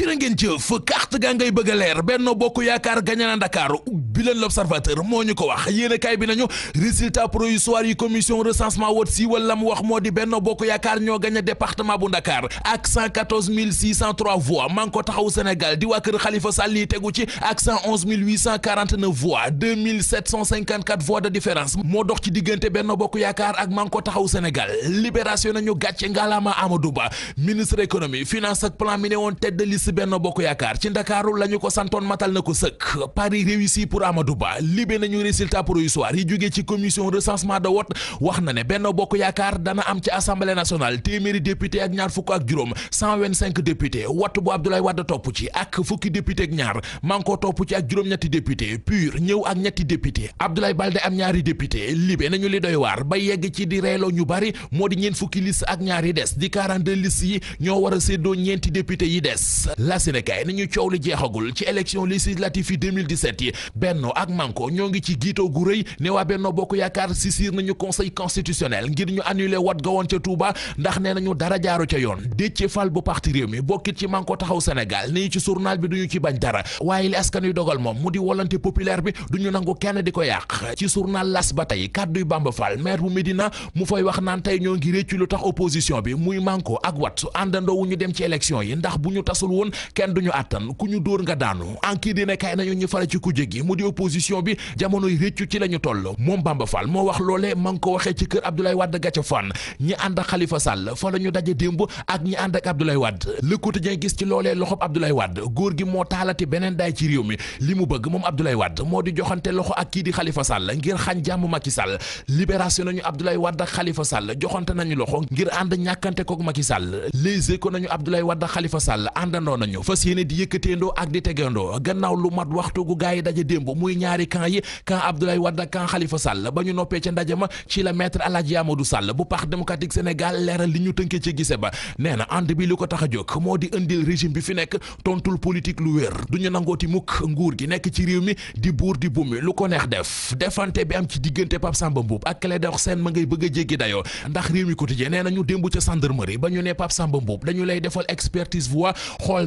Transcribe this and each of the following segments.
jërë ngeen jëf carte gaa ngay bëgg a leer Benno Bokk Yaakaar gañe na Dakar bi l'observateur moo ñu ko wax yéenekaay bi nañu résultat provisoire yi commission recensement wot si wala mu wax moo di Benno Bokk Yaakaar ñoo gañe département bu Dakar ak 114 Manko Taxawu Sénégal di waa kër Khalifa tegu ci ak de différence moo dox ci diggante Benno Bokk Yaakaar ak Manko Taxawu Sénégal libération nañu gàcce ngalaama Amadou Ba ministre économie liste Benno Bokk Yaakaar ci Ndakaaru la ñu ko santoon matal na ko sëkk pari réussi pour Amadou Ba libé nañu résultat provisoire yi jógee ci commission recensement de vote wax na ne Benno Bokk Yaakaar dana am ci assemblée nationale téeméeri député ak ñaar fukk ak juróom 125 député wattu bu Abdoulaye Wade topp ci ak fukki député ak ñaar manko topp ci ak juróom-ñetti député pur ñëw ak ñetti député Abdoulaye Balde am ñaari député libé nañu li doy waar ba yegg ci di reeloo ñu bari moo di ñeent fukki liste ak ñaar yi des di 42 liste yi ñoo war a séddoo ñeenti député yi des la Sénégal ni ñu coow li jeexagul ci élection législative yi 2017 yi Benno ak Manko ñoo ngi ci giitoo gu rëy ne waa Benno Bokk Yaakaar si siir nañu conseil constitutionnel ngir ñu annulé wat ga woon ca Touba ndax nee nañu dara jaaru ca yoon Déthié Fall bu parti réew mi bokkit ci Manko taxaw Sénégal nii ci journal bi duñu ci bañ dara waaye li askan wi dogal moom mu di volonté populaire bi du duñu nangu kenn di ko yàq ci journal L'As ba tey kàdduy Bamba Fall maire bu Médina mu fay wax naan ñoo ngi réccu lu tax opposition bi muy Manko ak wat àndandoo wu ñu dem ci yi ndax bu ñu tasul woon attan du ñu attan ku ñu dóor nga daanu enquête dina kay nañu ñu fara ci kujje gi mu di opposition bi jamonoy réccu ci la ñu toll moom Bamba Fall moo wax loole ma ko waxee ci kër Abdoulaye Wade gàcca fan ñi ànd ak Khalifa Sall fa la ñu daje démb ak ñi ànd ak Abdoulaye Wade Le Quotidien gis ci loole loolee loxob Abdoulaye Wade góor gi moo taalati beneen daay ci réew mi li mu bëgg moom Abdoulaye Wade moo di joxante loxo ak kii di Khalifa Sall ngir xañ jàmm Macky Sall libération nañu Abdoulaye Wade ak Khalifa Sall joxante nañu loxo ngir ànd ñàkkante kook Macky Sall les échos nañu Abdoulaye Wade ak Khalifa Sall àndandoo àndoo nañu fas yéene di yëkkateendoo ak di tegandoo gannaaw lu mat waxtu gu gaa yi démb muy ñaari camp yi camp Abdoulaye Wade ak camp Khalifa ba ñu noppee ca ndaje ma ci la maître El Hadji Amadou bu Parti démocratique Sénégal leeral li ñu tënkee ci gise ba nee na bi li ko tax a jóg moo di indil régime bi fi nekk tontul politique lu wér du ñu nangooti mukk nguur gi nekk ci réew mi di buur di bumi lu ko neex def defante bi am ci diggante Pape Samba Mboup ak Clédor Sène ma a jéggi dayoo ndax réew mi quotidien nee nañu démb ca ba ne Pape Samba Mboup dañu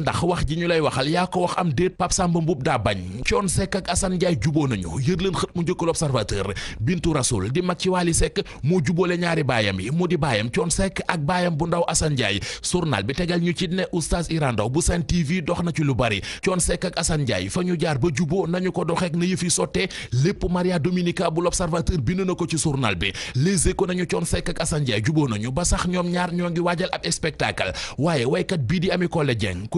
xool ndax wax ji ñu lay waxal yaa ko wax am déet Pape Samba Mboup daa bañ Thione Seck ak Assane Ndiaye juboo nañu yër leen xët mu njëkkal observateur Bintu Rasoul di mag ci Wally Seck moo juboole ñaari baayam yi mu di baayam Thione Seck ak baayam bu ndaw Assane Ndiaye bi tegal ñu ci ne oustaz Irandaw bu Sen TV dox na ci lu bari Thione Seck ak Assane fa ñu jaar ba juboo nañu ko doxeek na yëf yi lépp Maria Dominica bu l'observateur bind na ko ci journal bi ba sax ñoom ñaar ñoo ngi waajal ab spectacle waaye waykat bii di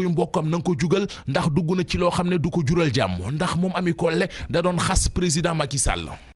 kuy mbokkam na nga ko jugal ndax dugg na ci loo xam ne du ko jural jàmm ndax moom Ami Collé da doon xas président Macky Sall